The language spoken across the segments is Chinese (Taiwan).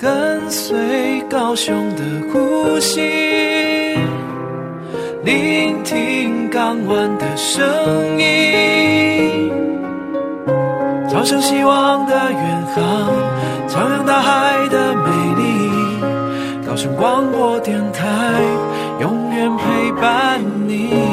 跟隨高雄的呼吸，聆聽港灣的聲音，朝向希望的遠航，徜徉大海的美麗。高雄廣播電臺，永遠陪伴你。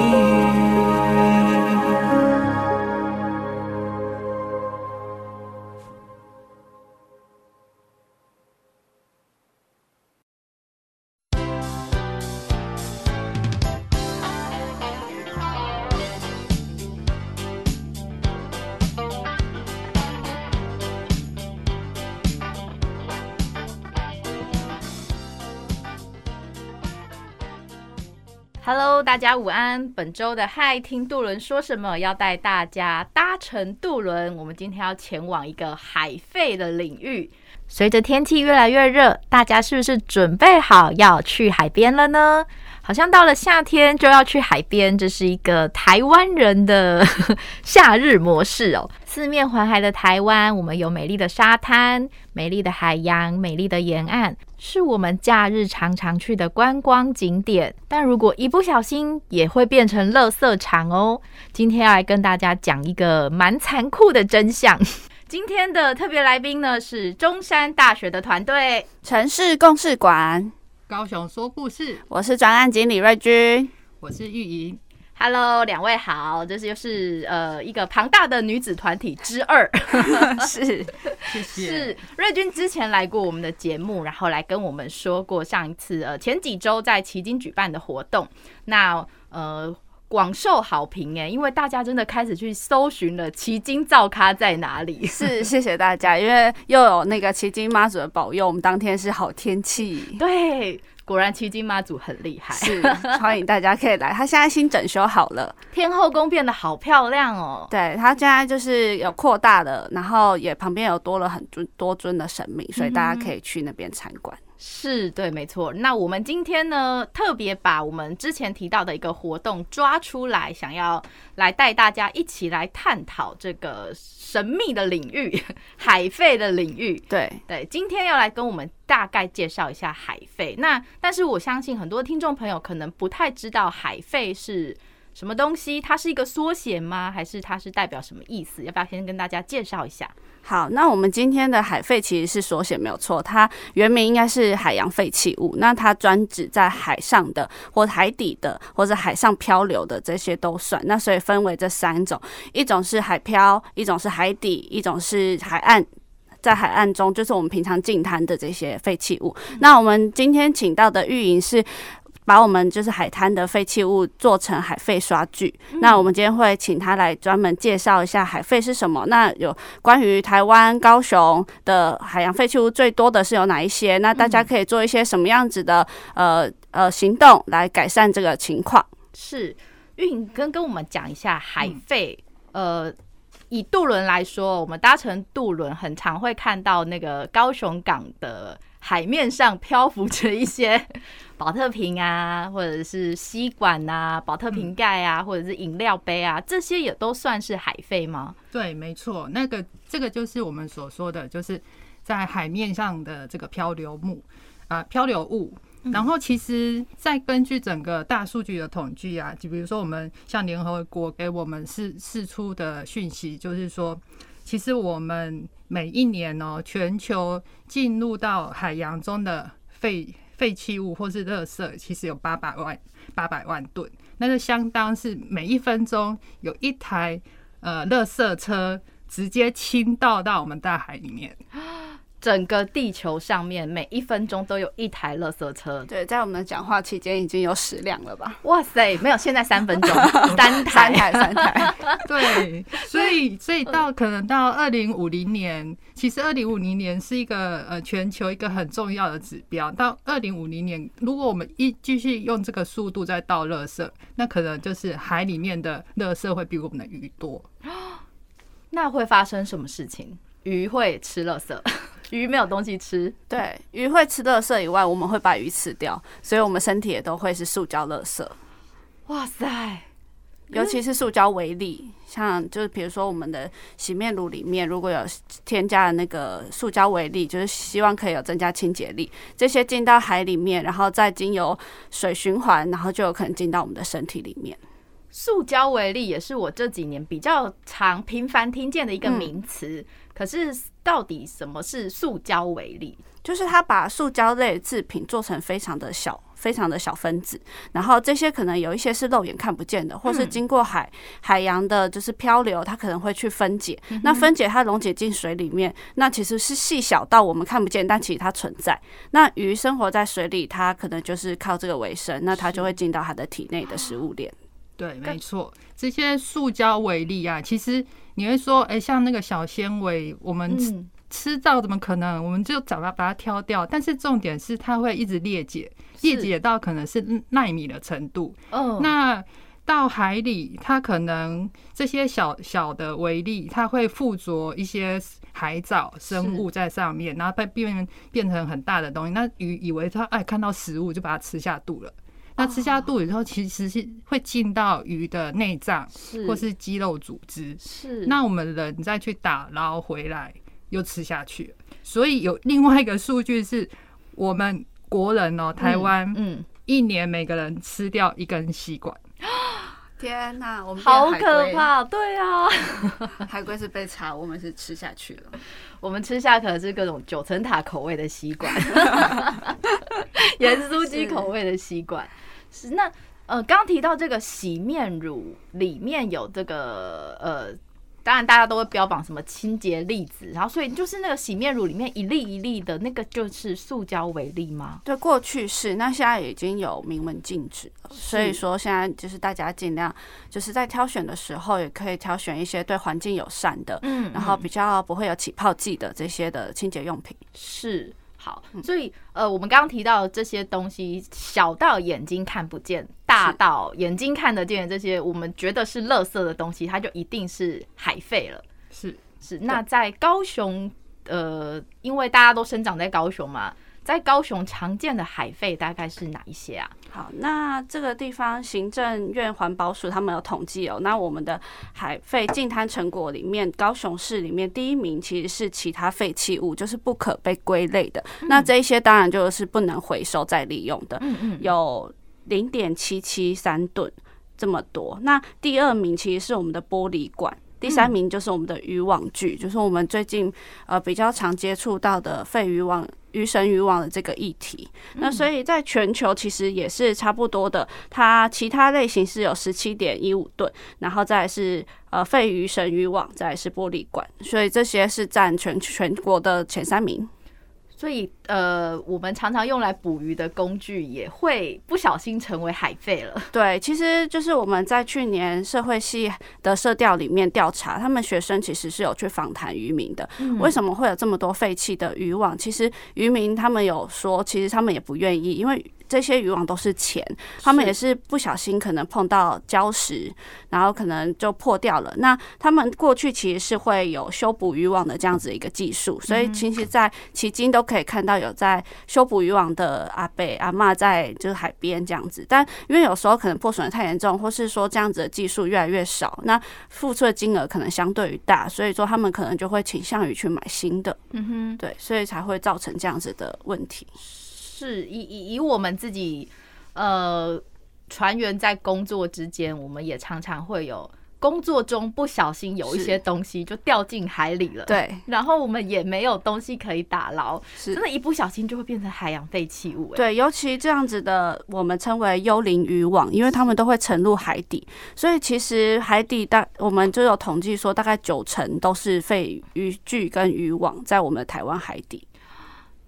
大家午安！本週的《嗨聽渡輪說什麼》要帶大家搭乘渡輪，我們今天要前往一個海廢的領域。隨着天氣越來越熱，大家是不是準備好要去海邊了呢？好像到了夏天就要去海邊，這是一個台灣人的 夏日模式哦。四面環海的台灣，我們有美麗的沙灘、美麗的海洋、美麗的沿岸，是我們假日常常去的觀光景點。但如果一不小心，也會變成垃圾場哦。今天要來跟大家講一個蠻殘酷的真相。今天的特別來賓呢，是中山大學的團隊——城市共事館。高雄說故事，我是專案經理瑞君，我是玉瑩。Hello，兩位好，這是又是呃一個龐大的女子團體之二 是，謝謝。瑞君之前來過我們的節目，然後來跟我們說過上一次呃前幾周在旗津舉辦的活動，那呃。廣受好評哎、欸，因為大家真的開始去搜尋了旗津灶咖在哪裡。是，謝謝大家，因為又有那個旗津媽祖的保佑，我們當天是好天氣。對，果然旗津媽祖很厲害。是，歡迎大家可以來，他現在新整修好了，天後宮變得好漂亮哦。對，他現在就是有擴大的，然後也旁邊有多了很尊多尊的神明，所以大家可以去那邊參觀。嗯是對，沒錯。那我們今天呢，特別把我們之前提到的一個活動抓出來，想要來帶大家一起來探討這個神秘的領域——海廢的領域。對對，今天要來跟我們大概介紹一下海廢。那但是我相信很多聽眾朋友可能不太知道，海廢是什麼東西？它是一個縮寫嗎？還是它是代表什麼意思？要不要先跟大家介紹一下？好，那我們今天的海廢其實是縮寫沒有錯，它原名應該是海洋廢棄物。那它專指在海上的，或海底的，或者海上漂流的這些都算。那所以分為這三種：一種是海漂，一種是海底，一種是海岸。在海岸中，就是我們平常淨灘的這些廢棄物。嗯、那我們今天請到的運營是。把我們就是海灘的廢棄物做成海廢刷具。嗯、那我們今天會請他來專門介紹一下海廢是什麼。那有關於台灣高雄的海洋廢棄物最多的是有哪一些？那大家可以做一些什麼樣子的、嗯、呃呃行動來改善這個情況？是，玉瑩跟我們講一下海廢。嗯、呃，以渡輪來說，我們搭乘渡輪很常會看到那個高雄港的。海面上漂浮着一些寶特瓶啊，或者是吸管啊，寶特瓶蓋啊，或者是飲料杯啊、嗯、飲料杯啊，這些也都算是海廢嗎？對，沒錯，那個這個就是我們所說的，就是在海面上的這個漂流木啊、呃，漂流物。嗯、然後其實再根據整個大數據的統計啊，就比如說我們像聯合國給我們釋釋出的訊息，就是說。其實我們每一年哦、喔，全球進入到海洋中的廢廢棄物或是垃圾，其實有八百萬八百萬噸，那就相當是每一分鐘有一台呃垃圾車直接傾倒到我們大海裡面。整個地球上面每一分鐘都有一台垃圾車。對，在我們的講話期間已經有十輛了吧？哇塞，沒有，現在三分鐘， 單台三台， 三台。 對，所以，所以到可能到二零五零年，其實二零五零年是一個呃全球一個很重要的指標。到二零五零年，如果我們一繼續用這個速度在倒垃圾，那可能就是海裡面的垃圾會比我們的魚多。 那會發生什麼事情？魚會吃垃圾。魚沒有東西吃。對，對，魚會吃垃圾以外，我們會把魚吃掉，所以我們身體也都會是塑膠垃圾。哇塞，尤其是塑膠微粒，嗯、像就是比如說我們的洗面乳裡面如果有添加了那個塑膠微粒，就是希望可以有增加清潔力，這些進到海裡面，然後再經由水循環，然後就有可能進到我們的身體裡面。塑膠微粒，也是我這幾年比較常頻繁聽見的一個名詞，嗯、可是。到底什麼是塑膠微粒？就是它把塑膠類製品做成非常的小，非常的小分子，然後這些可能有一些是肉眼看不見的，或是經過海海洋的，就是漂流，它可能會去分解。嗯、哼那分解它溶解進水裡面，那其實是細小到我們看不見，但其實它存在。那魚生活在水裡，它可能就是靠這個為生，那它就會進到它的體內的食物鏈。對，沒錯，這些塑膠微粒啊，其實你會說，哎、欸，像那個小纖維，我們吃、嗯、吃到怎麼可能？我們就找它把它挑掉？但是重點是，它會一直裂解，裂是解到可能是奈米的程度。哦，那到海裡，它可能這些小小的微粒，它會附着一些海藻生物在上面，是然後變變成很大的東西。那魚以為它哎、欸、看到食物就把它吃下肚了。那吃下肚裡之後，其實是會進到魚的內臟，或是肌肉組織。是。是那我們人再去打撈回來，又吃下去。所以有另外一個數據是，我們國人哦、喔，台灣、嗯，嗯，一年每個人吃掉一根吸管。天哪、啊，我們好可怕！對呀、啊，海龜是被插，我們是吃下去了。 我們吃下可能是各種九層塔口味的吸管，鹽 酥雞口味的吸管。是那呃，剛提到這個洗面乳裡面有這個呃，當然大家都會標榜什麼清潔粒子，然後所以就是那個洗面乳裡面一粒一粒的那個就是塑膠微粒嗎？對，過去是，那現在已經有明文禁止了，是所以說現在就是大家盡量就是在挑選的時候也可以挑選一些對環境友善的，嗯，嗯，然後比較不會有起泡劑的這些的清潔用品是。好，嗯、所以呃，我們剛剛提到的這些東西，小到眼睛看不見，大到眼睛看得見這些，我們覺得是垃圾的東西，它就一定是海廢了。是是，那在高雄，呃，因為大家都生長在高雄嘛。在高雄常見的海廢大概是哪一些啊？好，那這個地方行政院環保署他們有統計哦。那我們的海廢淨灘成果裡面，高雄市裡面第一名其實是其他廢棄物，就是不可被歸類的。那這一些當然就是不能回收再利用的，有零點七七三噸這麼多。那第二名其實是我們的玻璃罐，第三名就是我們的漁網具，就是我們最近呃比較常接觸到的廢漁網。漁繩漁網的這個議題，那所以在全球其實也是差不多的，嗯、它其他類型是有十七點一五噸，然後再是呃廢漁繩漁網，再是玻璃管，所以這些是佔全全國的前三名。所以，呃，我們常常用來捕魚的工具也會不小心成為海廢了。對，其實就是我們在去年社會系的社調裡面調查，他們學生其實是有去訪談漁民的。為什麼會有這麼多廢棄的漁網？其實漁民他們有說，其實他們也不願意，因為。這些漁網都是錢，他們也是不小心可能碰到礁石，是然後可能就破掉了。那他們過去其實是會有修補漁網的這樣子一個技術，所以其實在迄今都可以看到有在修補漁網的阿伯阿嬤，在就是海邊這樣子。但因為有時候可能破損的太嚴重，或是說這樣子的技術越來越少，那付出的金額可能相對於大，所以說他們可能就會傾向於去買新的。嗯哼，對，所以才會造成這樣子的問題。是以以以我們自己，呃，船員在工作之間，我們也常常會有工作中不小心有一些東西就掉進海裡了。對，然後我們也沒有東西可以打撈，是真的，一不小心就會變成海洋廢棄物，欸。對，尤其這樣子的，我們稱為幽靈漁網，因為他們都會沉入海底，所以其實海底大我們就有統計說，大概九成都是廢漁具跟漁網在我們台灣海底。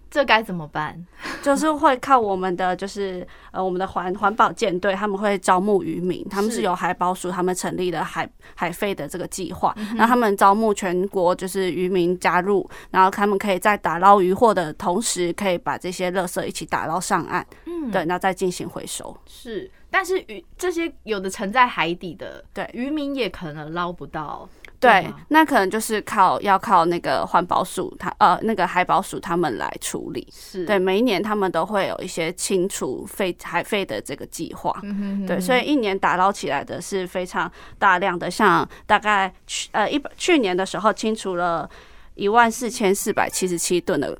這該怎麼辦？就是會靠我們的，就是呃，我們的環環保艦隊，他們會招募漁民，是他們是有海保署他們成立的海海廢的這個計劃，那、嗯、哼他們招募全國就是漁民加入，然後他們可以在打撈漁獲的同時，可以把這些垃圾一起打撈上岸，嗯，對，然後再進行回收。是，但是魚這些有的沉在海底的，對，漁民也可能撈不到。對，啊、對，那可能就是靠要靠那個環保署，他呃，那個海保署他們來處理。是對，每一年他們都會有一些清除廢海廢的這個計劃。嗯、哼哼對，所以一年打撈起來的是非常大量的，像大概去呃一去年的時候，清除了一萬四千四百七十七噸的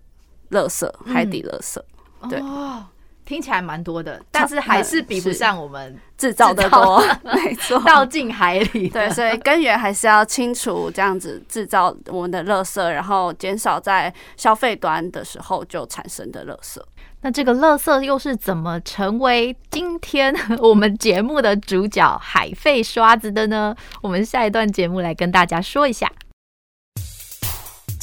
垃圾海底垃圾。嗯、對。Oh. 聽起來蠻多的，但是還是比不上我們製造，嗯、製造的多，沒錯錯，倒進海裡。 對，所以根源還是要清除這樣子製造我們的垃圾，然後減少在消費端的時候就產生的垃圾。那這個垃圾又是怎麼成為今天我們節目的主角海廢刷子的呢？我們下一段節目來跟大家說一下。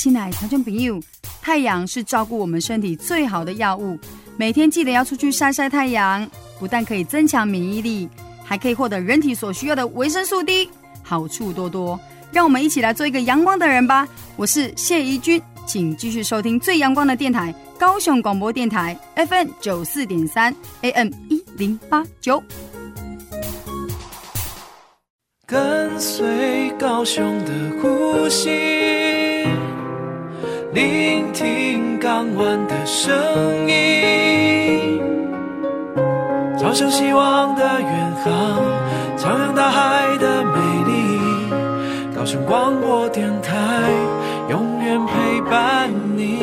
親愛的朋友，太陽是照顧我們身體最好的藥物。每天記得要出去曬曬太陽，不但可以增強免疫力，還可以獲得人體所需要的維生素 D，好處多多。讓我們一起來做一個陽光的人吧！我是謝宜君，請繼續收聽最陽光的電台——高雄廣播電台 FM 九四點三 AM 一零八九，跟隨高雄的呼吸。聆聽港灣的聲音，朝向希望的遠航，蒼洋大海的美麗，高雄廣播電台永遠陪伴你。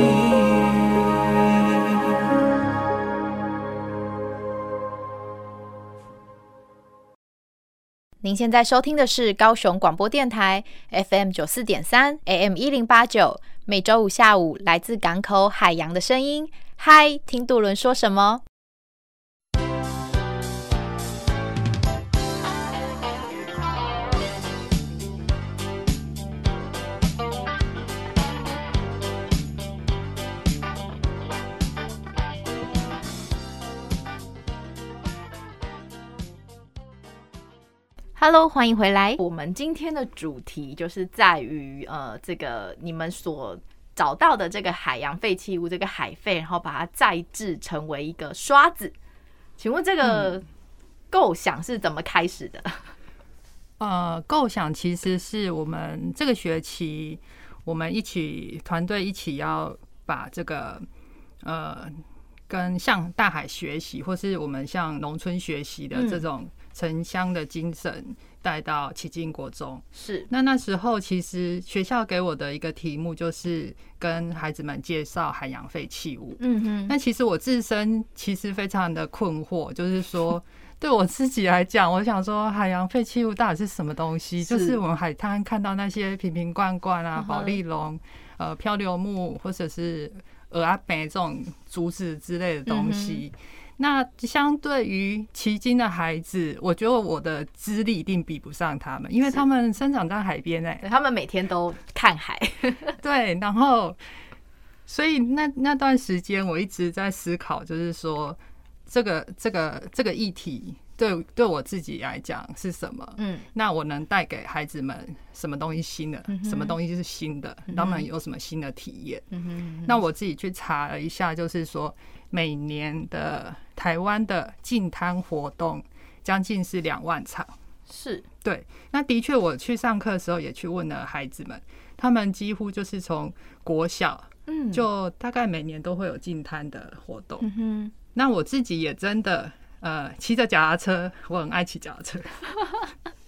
您現在收聽的是高雄廣播電台 FM 九四點三，AM 一零八九。每週五下午，來自港口海洋的聲音。嗨，聽渡輪說什麼？Hello，歡迎回來。我們今天的主題就是在於，呃，這個你們所找到的這個海洋廢棄物，這個海廢，然後把它再制成為一個刷子。請問這個構想是怎麼開始的？嗯、呃，構想其實是我們這個學期我們一起團隊一起要把這個，呃，跟向大海學習，或是我們向農村學習的這種。嗯城鄉的精神帶到旗津國中。是。那那時候，其實學校給我的一個題目，就是跟孩子們介紹海洋廢棄物。嗯哼那其實我自身其實非常的困惑，就是說對我自己來講， 我想說海洋廢棄物到底是什麼東西？是就是我們海灘看到那些瓶瓶罐罐啊、保麗龍、嗯、哼呃、漂流木或者是蚵仔棚這種竹子之類的東西。嗯那相對於迄今的孩子，我覺得我的資歷一定比不上他們，因為他們生長在海邊哎、欸，他們每天都看海。 對，然後，所以那那段時間我一直在思考，就是說，這個這個這個議題對對我自己來講是什麼？嗯，那我能帶給孩子們什麼東西新的？嗯、哼什麼東西是新的？他們有什麼新的體驗？嗯哼。那我自己去查了一下，就是說。每年的台灣的淨灘活動將近是兩萬場，是對。那的確，我去上課的時候也去問了孩子們，他們幾乎就是從國小，嗯，就大概每年都會有淨灘的活動。嗯。嗯哼。那我自己也真的，呃，騎着腳踏車，我很愛騎腳踏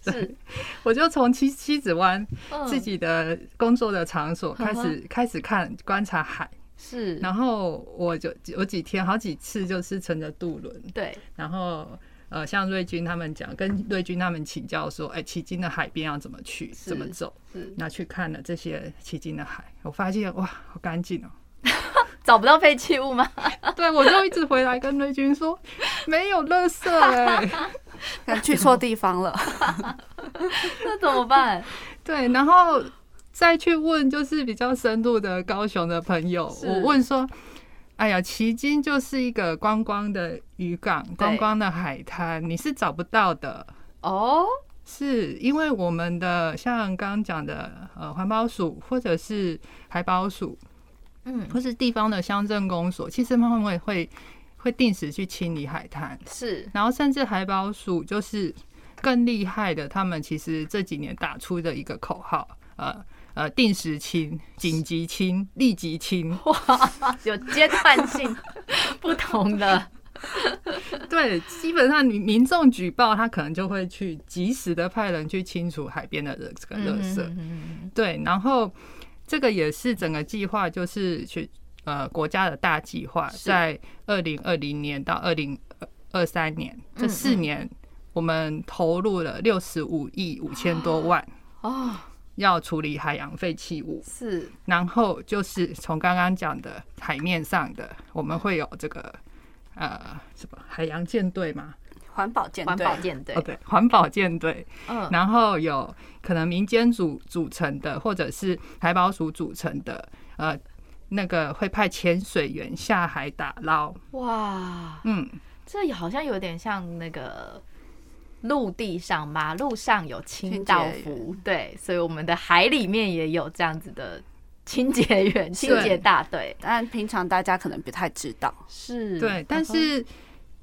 車， 是， 我就從七七子灣自己的工作的場所開始、哦、開始，開始看觀察海。是，然後我就我幾天好幾次就是乘着渡輪，對，然後呃，向瑞軍他們講，跟瑞軍他們請教說，哎，旗津的海邊要怎麼去，是怎麼走？是，那去看了這些旗津的海，我發現哇，好乾淨哦， 找不到廢棄物嗎？對，我就一直回來跟瑞軍說， 沒有垃圾哎， 去錯地方了， 那怎麼辦？對，然後。再去問就是比較深度的高雄的朋友，是我問說：“哎呀，旗津就是一個觀光的漁港，觀光的海灘，對你是找不到的哦。Oh? 是”是因為我們的像剛剛講的呃環保署或者是海保署，嗯，或是地方的鄉鎮公所，其實他們會會會定時去清理海灘，是。然後甚至海保署就是更厲害的，他們其實這幾年打出的一個口號，呃。呃，定時清、緊急清、立即清，哇，有階段性 不同的。對，基本上你民眾舉報，他可能就會去及時的派人去清除海邊的這個垃圾。嗯哼嗯哼嗯。對，然後這個也是整個計劃，就是去呃國家的大計劃，是在二零二零年到二零二三年這四年，我們投入了六十五億五千多萬。啊、哦。要處理海洋廢棄物，是。然後就是從剛剛講的海面上的，我們會有這個呃什麼海洋艦隊嘛？環保艦隊，環保艦隊，Oh, 對，環保艦隊。嗯。然後有可能民間組組成的，或者是海保署組成的，呃，那個會派潛水員下海打撈。哇，嗯，這好像有點像那個。陸地上、馬路上有清道夫，對，所以我們的海裡面也有這樣子的清潔員、清潔大隊，對但平常大家可能不太知道，是，對。通但是，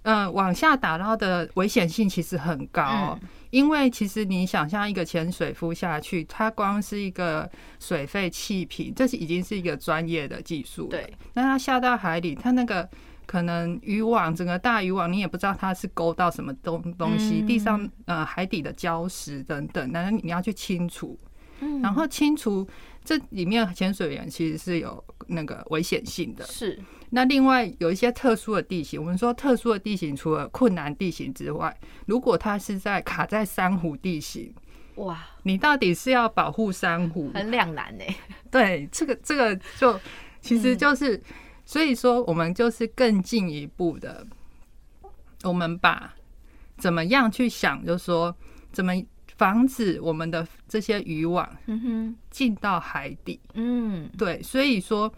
嗯、呃，往下打撈的危險性其實很高，嗯、因為其實你想象一個潛水夫下去，它光是一個水肺氣瓶，這是已經是一個專業的技術，對。那它下到海裡，它那個。可能漁網整個大漁網，你也不知道它是勾到什麼東東西嗯、地上呃海底的礁石等等，那你要去清除，嗯、然後清除這裡面潛水員其實是有那個危險性的。是，那另外有一些特殊的地形，我們說特殊的地形，除了困難地形之外，如果它是在卡在珊瑚地形，哇，你到底是要保護珊瑚，很兩難呢、欸。對，這個這個就其實就是。嗯所以說，我們就是更進一步的，我們把怎麼樣去想，就是說怎麼防止我們的這些漁網，進到海底，嗯，對。所以說，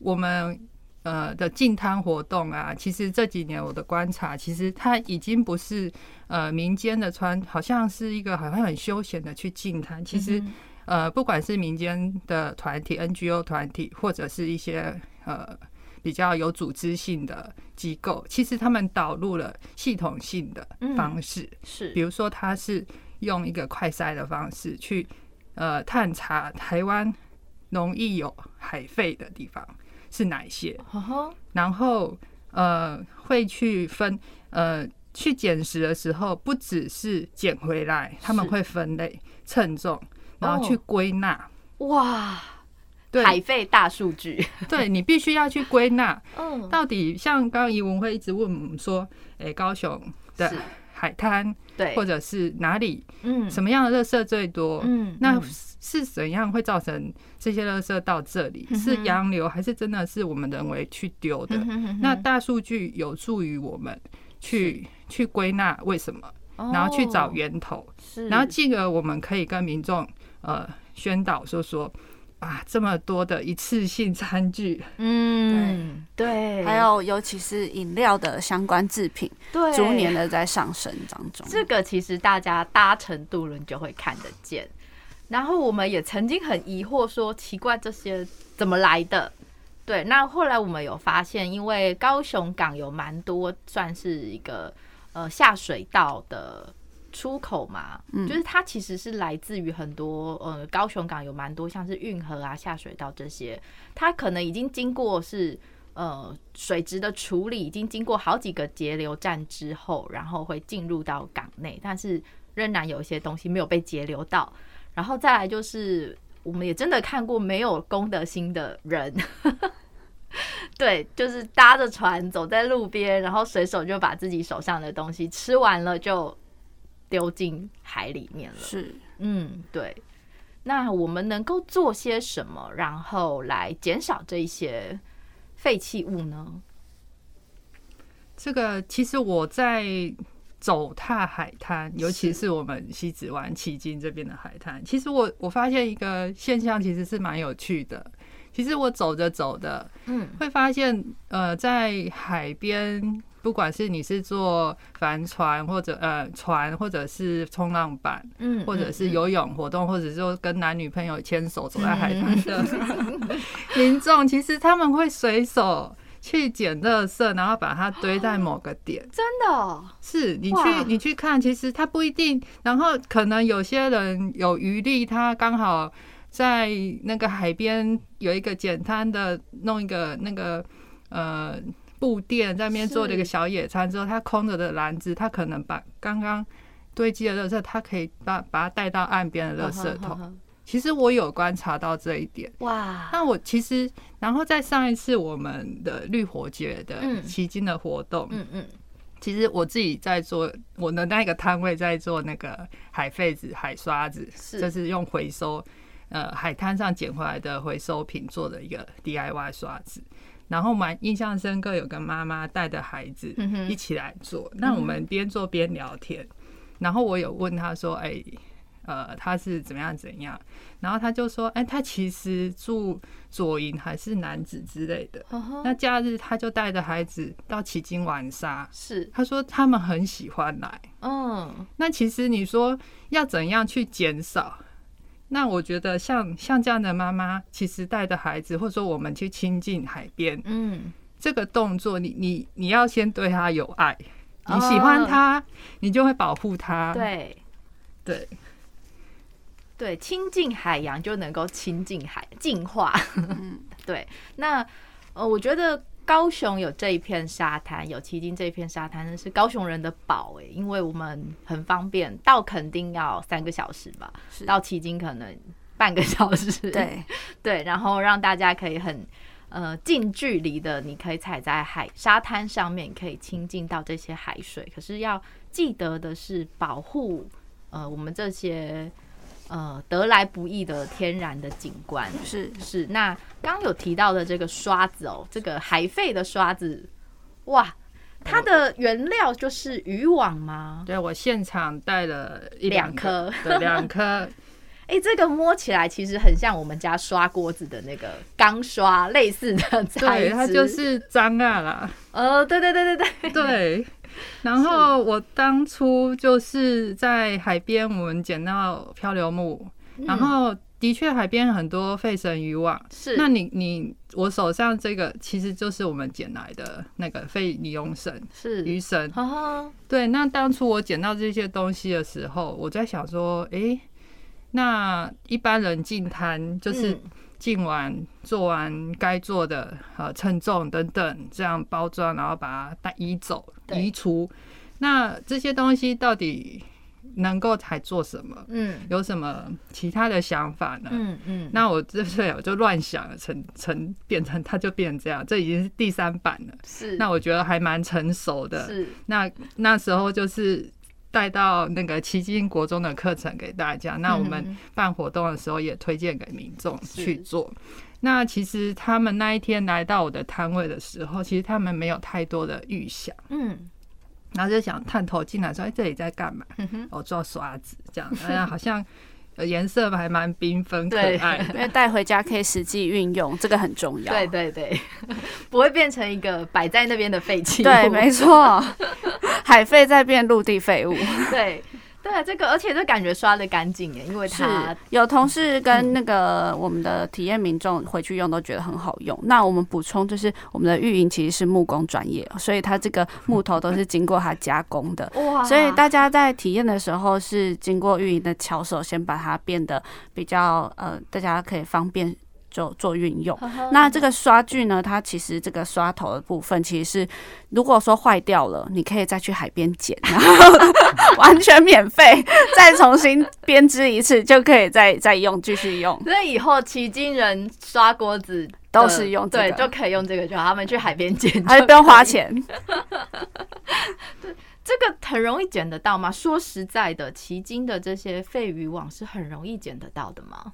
我們呃的淨灘活動啊，其實這幾年我的觀察，其實它已經不是呃民間的船，好像是一個好像很休閒的去淨灘。其實呃，不管是民間的團體、NGO 團體，或者是一些。呃，比較有組織性的機構，其實他們導入了系統性的方式，嗯、是比如說，他是用一個快篩的方式去呃探查台灣容易有海廢的地方是哪一些，哦、哼然後呃會去分呃去撿拾的時候，不只是撿回來，他們會分類、稱重，是然後去歸納。哦、哇！海廢大數據，對你必須要去歸納，到底像剛剛怡文會一直問我們說，誒，高雄的海灘，對，或者是哪裡，嗯，什麼樣的垃圾最多？嗯，那是怎樣會造成這些垃圾到這裡？是洋流，還是真的是我們人為去丟的？那大數據有助於我們去去歸納為什麼，然後去找源頭，然後進而我們可以跟民眾呃宣導說說。啊，這麼多的一次性餐具，嗯，對，對還有尤其是飲料的相關製品，對，逐年的在上升當中。這個其實大家搭乘渡輪就會看得見，然後我們也曾經很疑惑說，奇怪這些怎麼來的？對，那後來我們有發現，因為高雄港有蠻多算是一個呃下水道的。出口嘛，嗯，就是它其實是來自於很多呃，高雄港有蠻多，像是運河啊、下水道這些，它可能已經經過是呃水質的處理，已經經過好幾個截流站之後，然後會進入到港內，但是仍然有一些東西沒有被截流到。然後再來就是，我們也真的看過沒有公德心的人， 對，就是搭着船走在路邊，然後隨手就把自己手上的東西吃完了就。丟進海裡面了。是，嗯，對。那我們能夠做些什麼，然後來減少這些廢棄物呢？這個其實我在走踏海灘，尤其是我們西子灣、旗津這邊的海灘，是其實我我發現一個現象，其實是蠻有趣的。其實我走着走的，嗯，會發現呃，在海邊。不管是你是坐帆船，或者呃船，或者是衝浪板，嗯，或者是游泳活動，或者說跟男女朋友牽手走在海灘的民眾，其實他們會隨手去撿垃圾，然後把它堆在某個點。真的是你去你去看，其實它不一定。然後可能有些人有餘力，他剛好在那個海邊有一個簡單的，弄一個那個呃。布店在那邊做了一個小野餐之後，他空着的籃子，他可能把剛剛堆積的垃圾，他可以把把它帶到岸邊的垃圾桶。其實我有觀察到這一點。哇！那我其實，然後在上一次我們的綠活節的期間的活動，嗯嗯，其實我自己在做我的那個攤位，在做那個海廢子、海刷子，就是用回收呃海灘上撿回來的回收品做的一個 DIY 刷子。然後蠻印象深刻，有個媽媽帶着孩子一起來做。嗯、哼那我們邊做邊聊天，嗯、然後我有問他說：“哎、欸，呃，他是怎麼樣怎樣？”然後他就說：“哎、欸，他其實住左營還是楠梓之類的。哦、哼那假日他就帶着孩子到旗津玩沙，是，他說他們很喜歡來。嗯、哦，那其實你說要怎樣去減少？”那我覺得像像這樣的媽媽，其實帶着孩子，或者說我們去親近海邊，嗯，這個動作你，你你你要先對他有愛，你喜歡他，哦、你就會保護他，對對對，親近對海洋就能夠親近海，淨化， 嗯、對，那呃，我覺得。高雄有這一片沙灘，有旗津這一片沙灘，是高雄人的寶誒、欸，因為我們很方便，到墾丁要三個小時吧，是到旗津可能半個小時。對 對，然後讓大家可以很呃近距離的，你可以踩在海沙灘上面，可以親近到這些海水。可是要記得的是保護呃我們這些。呃、嗯，得來不易的天然的景觀是是。那剛有提到的這個刷子哦，這個海廢的刷子，哇，它的原料就是漁網嗎？對，我現場帶了一兩顆，兩顆顆。哎、 欸，這個摸起來其實很像我們家刷鍋子的那個鋼刷類似的材質，對，它就是髒啊啦。呃、 哦，對對對對對，對。然後我當初就是在海邊，我們撿到漂流木，嗯、然後的確海邊很多廢繩漁網。是，那你你我手上這個其實就是我們撿來的那個廢漁用繩，是漁繩。好好對。那當初我撿到這些東西的時候，我在想說，哎、欸，那一般人淨灘就是淨完、嗯、做完該做的，呃，稱重等等，這樣包裝，然後把它帶移走。對移除，那這些東西到底能夠還做什麼？嗯，有什麼其他的想法呢？嗯嗯，嗯，那我這是我就亂想，了，成成變成它就變成這樣，這已經是第三版了。是，那我覺得還蠻成熟的。是那那時候就是帶到那個奇星國中的課程給大家。那我們辦活動的時候也推薦給民眾去做。嗯那其實他們那一天來到我的攤位的時候，其實他們沒有太多的預想，嗯，然後就想探頭進來說：“哎、欸，這裡在幹嘛？”嗯、哼我做刷子這樣，哎好像顏色還蠻繽紛可愛對，因為帶回家可以實際運用， 這個很重要，對對對，不會變成一個擺在那邊的廢棄物對，沒錯，海廢在變陸地廢物， 對。對啊，這個而且這感覺刷得乾淨哎，因為它是有同事跟那個我們的體驗民眾回去用都覺得很好用。嗯、那我們補充就是，我們的運營其實是木工專業，所以它這個木頭都是經過它加工的。哇！ 所以大家在體驗的時候是經過運營的巧手先把它變得比較呃，大家可以方便。就做運用，那這個刷具呢？它其實這個刷頭的部分，其實是如果說壞掉了，你可以再去海邊撿，然後 完全免費，再重新編織一次 就可以再再用，繼續用。所以以後旗津人刷鍋子的都是用、這個、對，就可以用這個，就好他們去海邊撿，還不用花錢。 這個很容易撿得到嗎？說實在的，旗津的這些廢漁網是很容易撿得到的嗎？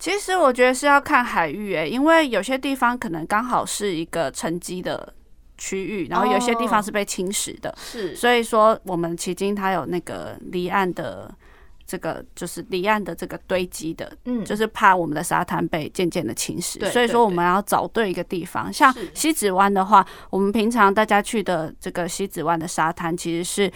其實我覺得是要看海域誒、欸，因為有些地方可能剛好是一個沉積的區域，然後有些地方是被侵蝕的。是，oh, 所以說我們旗津它有那個離岸的這個，就是離岸的這個堆積的，嗯，就是怕我們的沙灘被漸漸的侵蝕。對對對，所以說我們要找對一個地方，像西子灣的話，是我們平常大家去的這個西子灣的沙灘，其實是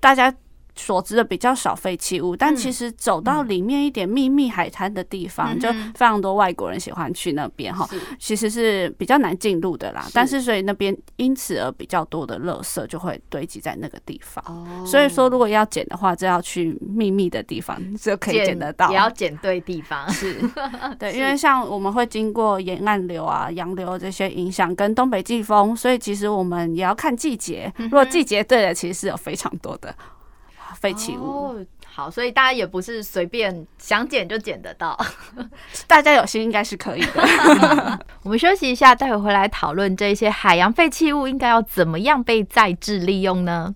大家，所知的比較少廢棄物，但其實走到裡面一點秘密海灘的地方，嗯、就非常多外國人喜歡去那邊哈。是其實是比較難進入的啦，是，但是所以那邊因此而比較多的垃圾就會堆積在那個地方。哦、所以說，如果要撿的話，就要去秘密的地方，就可以撿得到。也要撿對地方是，對，是對，因為像我們會經過沿岸流啊、洋流這些影響，跟東北季風，所以其實我們也要看季節。如果季節對了，其實是有非常多的。嗯廢棄物、哦，好，所以大家也不是隨便想撿就撿得到。 大家有心應該是可以的。 我們休息一下，待會回來討論這一些海洋廢棄物應該要怎麼樣被再制利用呢？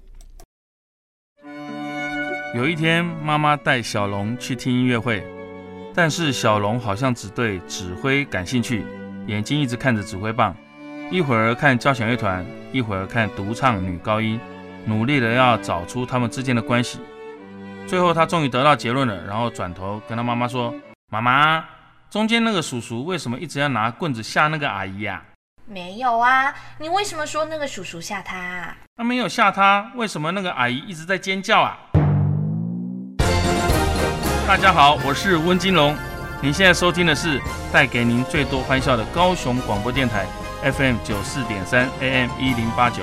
有一天，媽媽帶小龍去聽音樂會，但是小龍好像只對指揮感興趣，眼睛一直看着指揮棒，一會兒看交響樂團，一會兒看獨唱女高音。努力的要找出他們之間的關係，最後他終於得到結論了，然後轉頭跟他媽媽說：“媽媽，中間那個叔叔為什麼一直要拿棍子嚇那個阿姨啊？”“沒有啊，你為什麼說那個叔叔嚇他啊？”“他沒有嚇他，為什麼那個阿姨一直在尖叫啊？”大家好，我是溫金龍，您現在收聽的是帶給您最多歡笑的高雄廣播電台，FM 九四點三，AM 一零八九。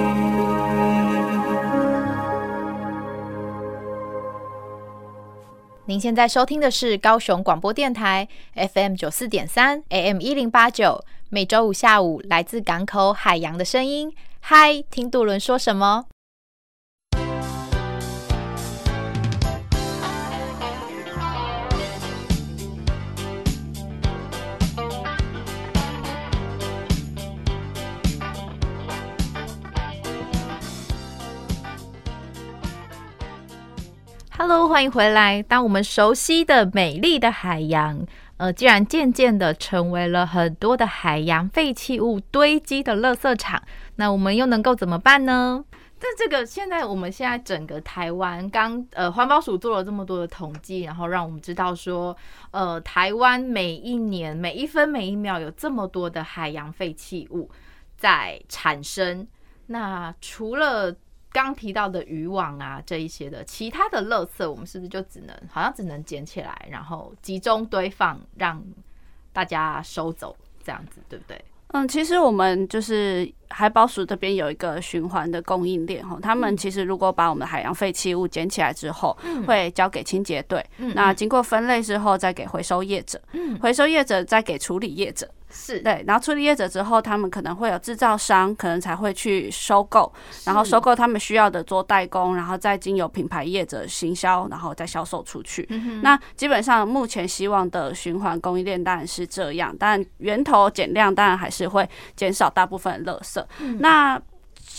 您現在收聽的是高雄廣播電台 F M 九四點三 A M 一零八九，3, 89，每周五下午來自港口海洋的聲音。嗨，聽渡輪說什麼？Hello，歡迎回來。當我們熟悉的美麗的海洋，呃，竟然漸漸的成為了很多的海洋廢棄物堆積的垃圾場，那我們又能夠怎麼辦呢？但這個現在，我們現在整個台灣剛呃環保署做了這麼多的統計，然後讓我們知道說，呃，台灣每一年每一分每一秒有這麼多的海洋廢棄物在產生。那除了剛提到的漁網啊，這一些的其他的垃圾，我們是不是就只能好像只能撿起來，然後集中堆放，讓大家收走這樣子，對不對？嗯，其實我們就是海保署這邊有一個循環的供應鏈哈，他們其實如果把我們的海洋廢棄物撿起來之後，會交給清潔隊，嗯，那經過分類之後再給回收業者，回收業者再給處理業者。是，對，然後處理業者之後，他們可能會有製造商，可能才會去收購，然後收購他們需要的做代工，然後再經由品牌業者行銷，然後再銷售出去。嗎那基本上目前希望的循環供應鏈當然是這樣，但源頭減量當然還是會減少大部分的垃圾。嗯、那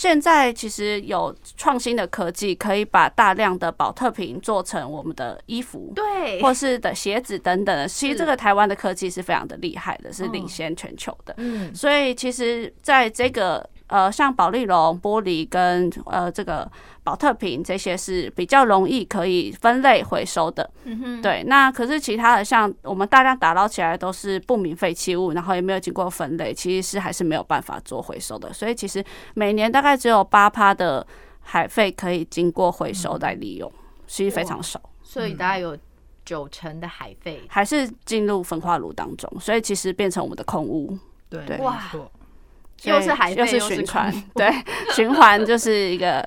現在其實有創新的科技，可以把大量的寶特瓶做成我們的衣服，對，或是的鞋子等等的。其實這個台灣的科技是非常的厲害的，是領先全球的。嗯，所以其實在這個。呃，像保麗龍、玻璃跟呃這個保特瓶這些是比較容易可以分類回收的。嗯、哼對，那可是其他的像我們大量打撈起來都是不明廢棄物，然後也沒有經過分類，其實是還是沒有辦法做回收的。所以其實每年大概只有八趴的海廢可以經過回收再利用，其實、嗯、非常少。所以大概有九成的海廢還是進入焚化爐當中，所以其實變成我們的空污。對，對對又是海，又是循環，對， 循環就是一個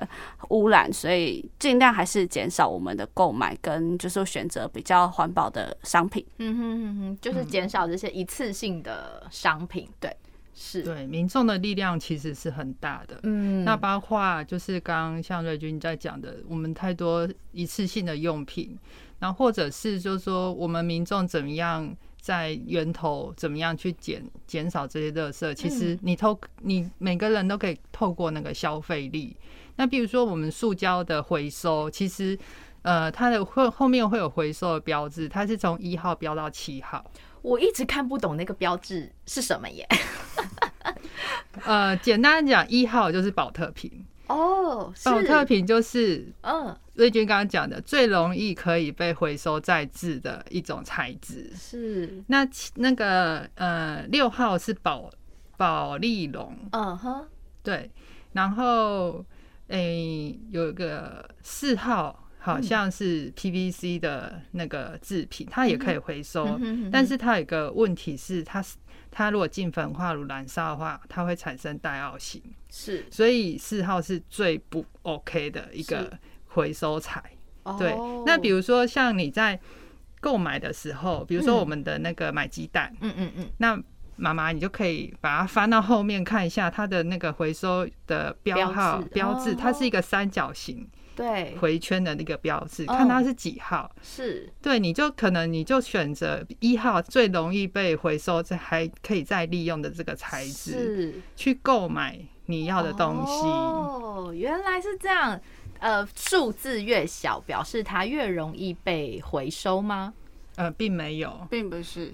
污染，所以盡量還是減少我們的購買，跟就是選擇比較環保的商品。嗯哼嗯哼，就是減少這些一次性的商品。嗯、對，是對，民眾的力量其實是很大的。嗯，那包括就是剛像瑞君在講的，我們太多一次性的用品，然後或者是就是說我們民眾怎麼樣。在源頭怎麼樣去減減少這些垃圾？其實你透，嗯、你每個人都可以透過那個消費力。那比如說我們塑膠的回收，其實呃，它的後後面會有回收的標誌，它是從一號標到七號。我一直看不懂那個標誌是什麼耶。 呃，簡單講，一號就是寶特瓶。Oh, 哦，保是特瓶就是，嗯，瑞君剛剛講的最容易可以被回收再製的一種材質。是，那那個呃六號是保保麗龍，嗯哼，uh huh. 對。然後誒、欸，有一個四號好像是 PVC 的那個製品，嗯、它也可以回收， 但是它有個問題是它是。它如果進焚化爐燃燒的話，它會產生戴奧辛，是，所以四號是最不 OK 的一個回收材。是對，oh、那比如說像你在購買的時候，比如說我們的那個買雞蛋，嗯嗯嗯，那媽媽你就可以把它翻到後面看一下它的那個回收的標號標誌，oh、標誌它是一個三角形。對，迴圈的那個標誌，看它是幾號，是、oh, 對，你就可能你就選擇一號最容易被回收，還可以再利用的這個材質，去購買你要的東西。哦，oh, 原來是這樣，呃，數字越小，表示它越容易被回收嗎？呃，並沒有，並不是，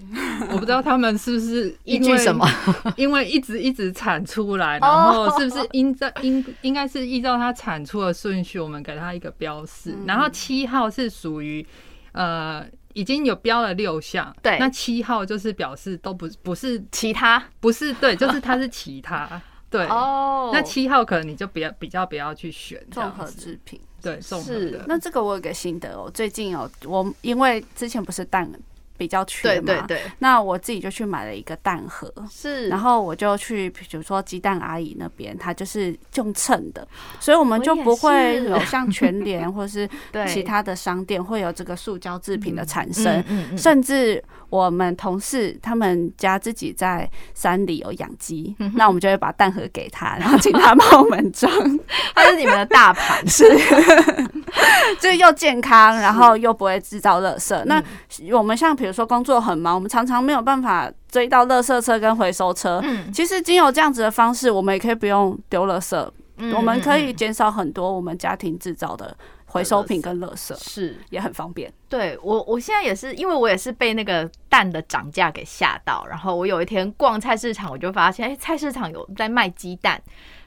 我不知道他們是不是依據 什麼，因為一直一直產出來， 然後是不是應照應，應該是依照它產出的順序，我們給它一個標示，嗯嗯，然後七號是屬於呃，已經有標了六項，對，那七號就是表示都不不是其他，不是 對，就是它是其他，對，哦，那七號可能你就比較比較不要去選這樣子，複合製品。對的是，是，那這個我有個心得哦、喔，最近哦、喔，我因為之前不是淡。比較缺嘛，對對對，那我自己就去買了一個蛋盒，是，然後我就去，比如說雞蛋阿姨那邊，她就是用秤的，所以我們就不會有像全聯或是對其他的商店會有這個塑膠製品的產生，甚至我們同事他們家自己在山裡有養雞，那我們就會把蛋盒給他，然後請他幫我們裝， 他是你們的大盤，是， 就是又健康，然後又不會製造垃圾，是那我們像。比如說工作很忙，我們常常沒有辦法追到垃圾車跟回收車。嗯，其實僅有這樣子的方式，我們也可以不用丟垃圾，嗯、我們可以減少很多我們家庭制造的回收品跟垃圾，垃圾是也很方便。對我，我現在也是，因為我也是被那個蛋的漲價給嚇到，然後我有一天逛菜市場，我就發現，哎、欸，菜市場有在賣雞蛋。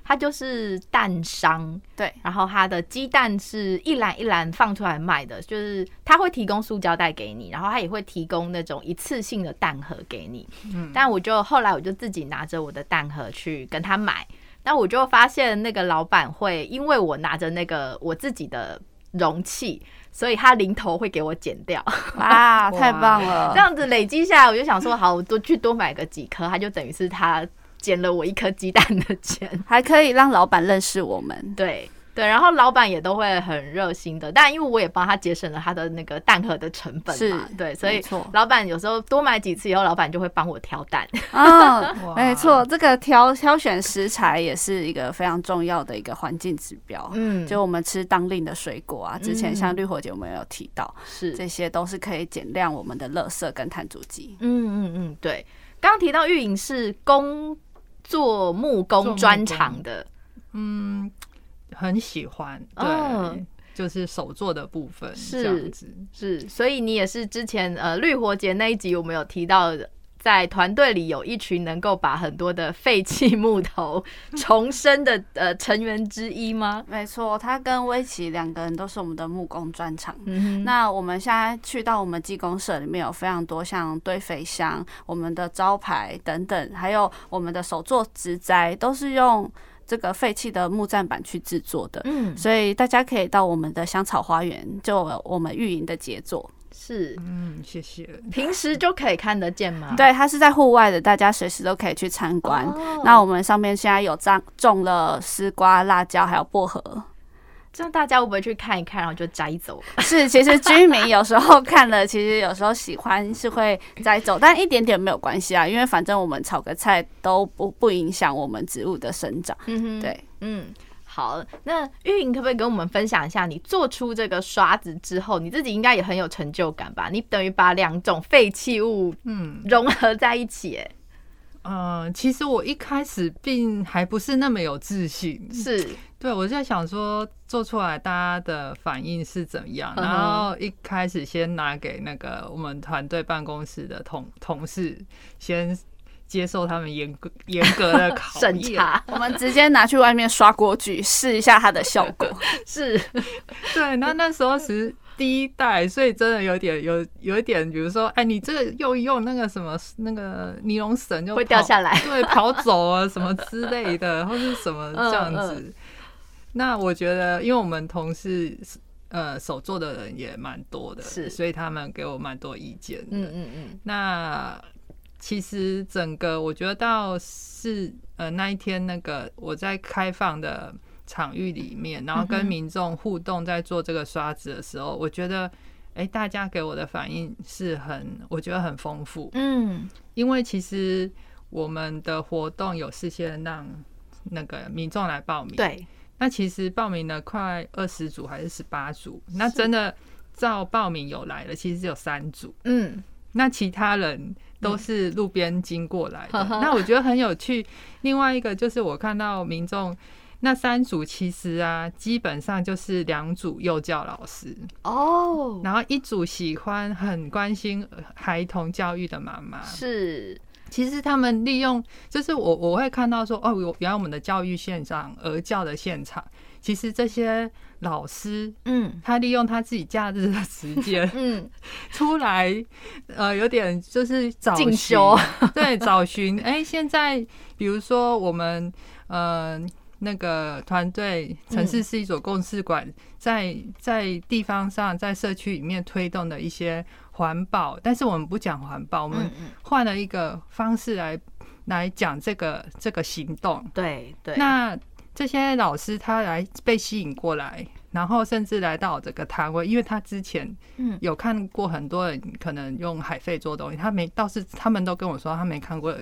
它就是蛋商，對，然後它的雞蛋是一籃一籃放出來賣的，就是他會提供塑膠袋給你，然後他也會提供那種一次性的蛋盒給你。嗯，但我就後來我就自己拿着我的蛋盒去跟他買，那我就發現那個老闆會因為我拿着那個我自己的容器，所以他零頭會給我減掉。哇、 啊，太棒了！哇這樣子累積下來，我就想說，好， 我多去多買個幾顆，它就等於是他。撿了我一顆雞蛋的錢，還可以讓老闆認識我們。 對對，然後老闆也都會很熱心的，但因為我也幫他節省了他的那個蛋盒的成本嘛。是對，所以老闆有時候多買幾次以後，老闆就會幫我挑蛋。啊， 沒錯，這個挑挑選食材也是一個非常重要的一個環境指標。嗯，就我們吃當令的水果啊，之前像綠火姐我們有提到，嗯、是這些都是可以減量我們的垃圾跟碳足跡，嗯。嗯嗯嗯，對，剛提到運營是公做木工專長的，嗯，很喜歡，對，哦、就是手做的部分，這樣子是，是，所以你也是之前呃綠活節那一集我們有提到的。在團隊裡有一群能夠把很多的廢棄木頭重生的呃成員之一嗎？沒錯，他跟威奇兩個人都是我們的木工專長。嗯，那我們現在去到我們技工社裡面，有非常多像堆肥箱、我們的招牌等等，還有我們的手作植栽，都是用這個廢棄的木棧板去制作的。嗯，所以大家可以到我們的香草花園，就我們運營的傑作。是，嗯，謝謝。平時就可以看得見嗎？對，它是在戶外的，大家隨時都可以去參觀。Oh, 那我們上面現在有栽種了絲瓜、辣椒，還有薄荷，這樣大家會不會去看一看，然後就摘走？是，其實居民有時候看了， 其實有時候喜歡是會摘走，但一點點沒有關係啊，因為反正我們炒個菜都不不影響我們植物的生長。嗯哼，對，嗯。好，那玉瑩可不可以跟我們分享一下，你做出這個刷子之後，你自己應該也很有成就感吧？你等於把兩種廢棄物，嗯，融合在一起，欸，嗯、呃，其實我一開始並還不是那麼有自信，是，對我就在想說做出來大家的反應是怎麼樣，呵呵然後一開始先拿給那個我們團隊辦公室的同同事先。接受他們嚴格嚴格的考 審查， 我們直接拿去外面刷鍋具試 一下它的效果。 是， 對。那那時候是第一代，所以真的有點有有一點，比如說，哎，你這個又用那個什麼那個尼龍繩，就會掉下來， 對，跑走啊什麼之類的， 或是什麼這樣子。嗯嗯、那我覺得，因為我們同事呃手做的人也蠻多的，是，所以他們給我蠻多意見。嗯嗯嗯。那其實整個我覺得到是呃那一天那個我在開放的場域裡面，然後跟民眾互動，在做這個刷子的時候，嗯、哼我覺得哎、欸，大家給我的反應是很我覺得很豐富，嗯，因為其實我們的活動有事先讓那個民眾來報名，對，那其實報名了快二十組還是十八組，是那真的照報名有來了，其實只有三組，嗯。那其他人都是路邊經過來的，嗯、那我覺得很有趣。另外一個就是我看到民眾那三組其實啊，基本上就是兩組幼教老師哦，然後一組喜歡很關心孩童教育的媽媽是，其實他們利用就是我我會看到說哦，我原來我們的教育現場，兒教的現場。其實這些老師，嗯，他利用他自己假日的時間，嗯，出來，呃，有點就是找尋，對，找尋。哎，現在比如說我們，呃，那個團隊城市是一所共事館，在在地方上，在社區裡面推動的一些環保，但是我們不講環保，我們換了一個方式來來講這個這個行動。對對，那。這些老師他來被吸引過來，然後甚至來到這個攤位，因為他之前有看過很多人可能用海廢做東西，他沒倒是他們都跟我說他沒看過。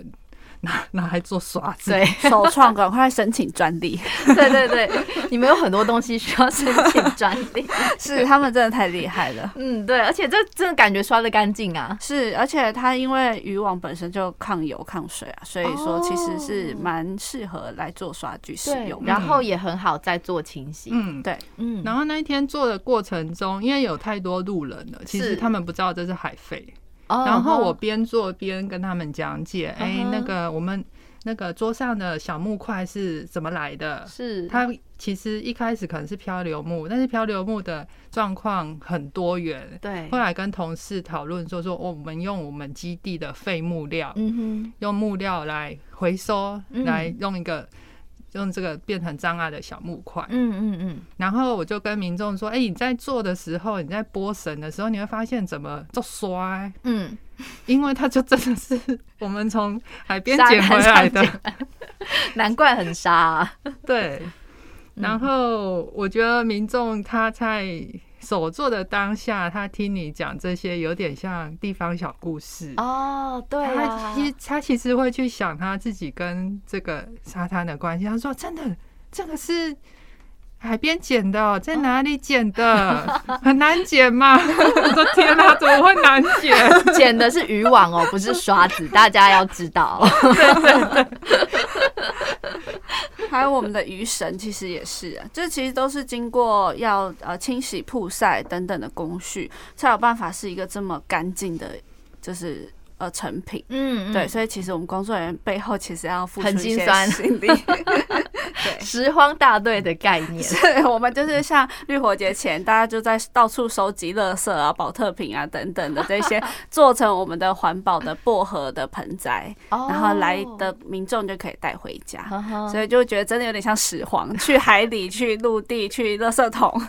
拿，拿來做刷子。對， 首創，趕快申請專利。 對對對，你們有很多東西需要申請專利， 是他們真的太厲害了。 嗯，對，而且這真的感覺刷得乾淨啊。是，而且它因為漁網本身就抗油抗水啊，所以說其實是蠻適合來做刷具使用，對然後也很好再做清洗。嗯，對，嗯。然後那一天做的過程中，因為有太多路人了，其實他們不知道這是海廢。然後我邊做邊跟他們講解，哎、uh huh.，那個我們那個桌上的小木塊是怎麼來的？是。它其實一開始可能是漂流木，但是漂流木的狀況很多元。對，後來跟同事討論說說、哦、我們用我們基地的廢木料，嗯哼、mm，hmm. 用木料來回收，來用一個。用這個變成障礙的小木塊，嗯嗯嗯，然後我就跟民眾說：“哎、欸，你在做的時候，你在撥繩的時候，你會發現怎麼就摔、欸？嗯，因為它就真的是我們從海邊撿回來的，來難怪很沙、啊。對，然後我覺得民眾他在。”所做的當下，他聽你講這些，有點像地方小故事哦。Oh, 對啊，他其他其實會去想他自己跟這個沙灘的關係。他說：“真的，這個是海邊撿的，在哪裡撿的？Oh. 很難撿嘛。” 我說：“天啊，怎麼會難撿？撿的是漁網哦，不是刷子， 大家要知道。” 對對對 還有我們的魚繩，其實也是啊，這其實都是經過要呃清洗、曝曬等等的工序，才有辦法是一個這麼乾淨的，就是。呃，成品，嗯，嗯，對，所以其實我們工作人員背後其實要付出一些的心力，盆金 對，拾荒大隊的概念，對，我們就是像綠活節前，大家就在到處收集垃圾啊、寶特瓶啊等等的這些，做成我們的環保的薄荷的盆栽，然後來的民眾就可以帶回家，所以就覺得真的有點像拾荒，去海底、去陸地、去垃圾桶，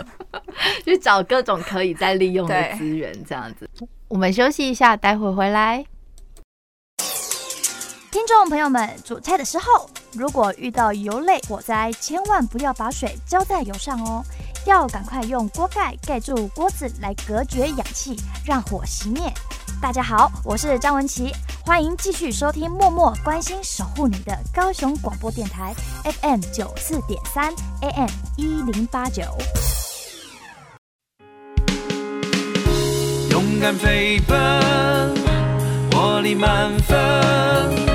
去找各種可以再利用的資源，這樣子。 對 我們休息一下，待會回來。聽眾朋友們，煮菜的時候，如果遇到油類火災，千萬不要把水澆在油上哦，要趕快用鍋蓋蓋住鍋子來隔絕氧氣，讓火熄滅。大家好，我是張文琪，歡迎繼續收聽默默關心守護你的高雄廣播電臺 FM 九四點三 AM 一零八九，勇敢飛奔，活力滿分。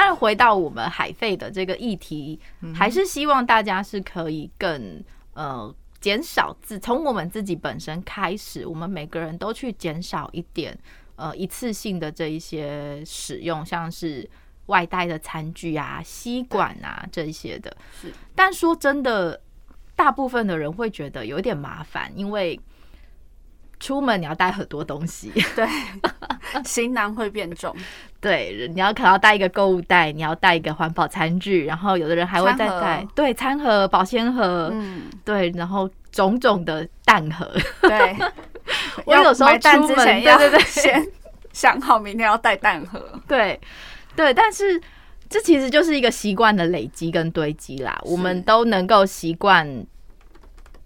但是回到我們海廢的這個議題，嗯、哼還是希望大家是可以更呃減少自從我們自己本身開始，我們每個人都去減少一點呃一次性的這一些使用，像是外帶的餐具啊、吸管啊這一些的。是但說真的，大部分的人會覺得有一點麻煩，因為，出門你要帶很多東西，對， 行囊會變重。對，你要可能要帶一個購物袋，你要帶一個環保餐具，然後有的人還會再帶盒對餐盒、保鮮盒，嗯，對，然後種種的蛋盒。對， 要我有時候出門前要對對對，先想好明天要帶蛋盒。對，對，但是這其實就是一個習慣的累積跟堆積啦，是我們都能夠習慣。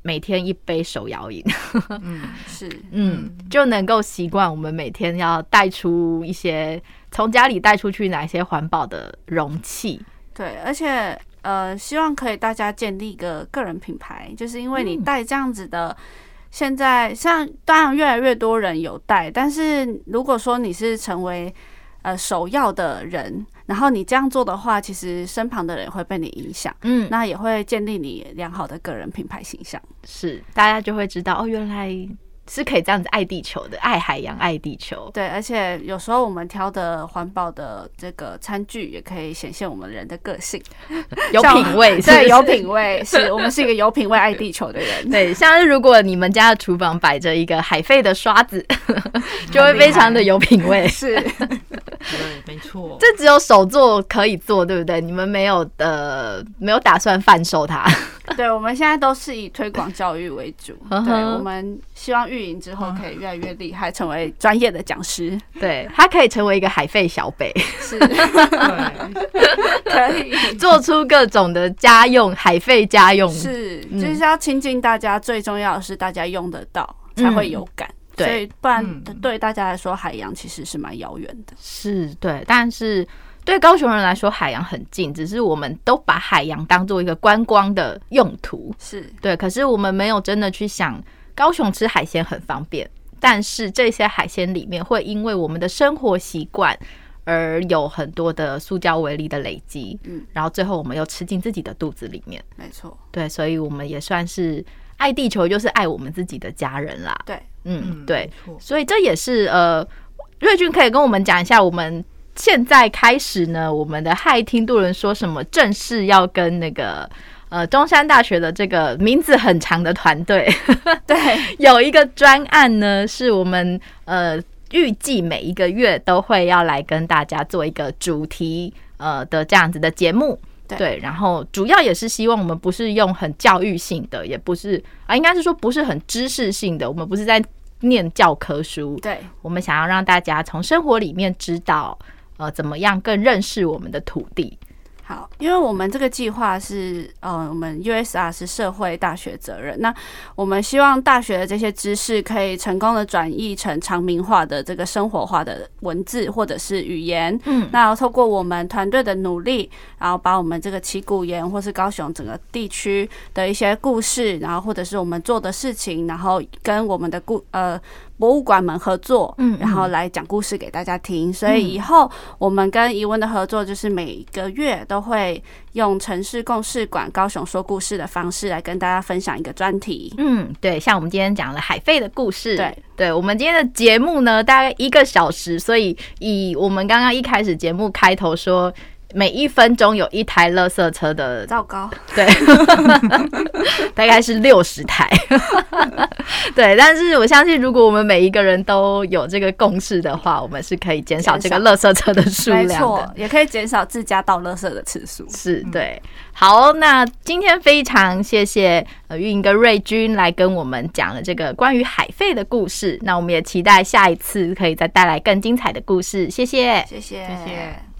每天一杯手搖飲、 嗯，嗯，是，嗯，嗯就能夠習慣。我們每天要帶出一些，從家裡帶出去哪些環保的容器，嗯？對，而且呃，希望可以大家建立一個個人品牌，就是因為你帶這樣子的，嗯、現在像當然越來越多人有帶，但是如果說你是成為呃首要的人。然後你這樣做的話，其實身旁的人也會被你影響，嗯，那也會建立你良好的個人品牌形象，是，大家就會知道哦，原來。是可以這樣子愛地球的，愛海洋，愛地球。對，而且有時候我們挑的環保的這個餐具，也可以顯現我們人的個性，有品味，是是對，有品味，是 我們是一個有品味愛地球的人。對，像是如果你們家的廚房擺着一個海廢的刷子，嗯、 就會非常的有品味。 是，對，沒錯。這只有手做可以做，對不對？你們沒有的、呃，沒有打算販售它。對，我們現在都是以推廣教育為主。嗯、哼對，我們希望。運營之後可以越來越厲害，成為專業的講師。啊、對他可以成為一個海廢小北，是可以做出各種的家用海廢家用。是，嗯、就是要親近大家，最重要的是大家用得到才會有感。對，不然，嗯、對，對大家來說海洋其實是蠻遙遠的。是對，但是對高雄人來說海洋很近，只是我們都把海洋當做一個觀光的用途。是對，可是我們沒有真的去想。高雄吃海鮮很方便，但是這些海鮮裡面會因為我們的生活習慣而有很多的塑膠微粒的累積，嗯，然後最後我們又吃進自己的肚子裡面，沒錯，對，所以我們也算是愛地球就是愛我們自己的家人啦，對，嗯，嗯對，沒錯，所以這也是呃，瑞俊可以跟我們講一下，我們現在開始呢，我們的嗨聽渡輪說什麼正式要跟那個。呃，中山大學的這個名字很長的團隊，對， 有一個專案呢，是我們呃預計每一個月都會要來跟大家做一個主題呃的這樣子的節目，對，對，然後主要也是希望我們不是用很教育性的，也不是啊，應該是說不是很知識性的，我們不是在念教科書，對，我們想要讓大家從生活裡面知道呃怎麼樣更認識我們的土地。好，因為我們這個計劃是，呃，我們 USR 是社會大學責任。那我們希望大學的這些知識可以成功的轉譯成常民化的這個生活化的文字或者是語言。嗯，那要透過我們團隊的努力，然後把我們這個旗鼓鹽、或是高雄整個地區的一些故事，然後或者是我們做的事情，然後跟我們的故呃。博物館們合作，嗯，然後來講故事給大家聽。嗯嗯、所以以後我們跟疑問的合作，就是每個月都會用城市共事館、高雄說故事的方式來跟大家分享一個專題。嗯，對，像我們今天講了海廢的故事，對。對我們今天的節目呢，大概一個小時。所以以我們剛剛一開始節目開頭說。每一分鐘有一台垃圾車的，糟糕，對， 大概是六十台， 對。但是我相信，如果我們每一個人都有這個共識的話，我們是可以減少這個垃圾車的數量，沒錯，也可以減少自家倒垃圾的次數。是，對。嗯、好，那今天非常謝謝運哥、瑞君來跟我們講了這個關於海廢的故事。那我們也期待下一次可以再帶來更精彩的故事。謝、謝，謝謝，謝謝。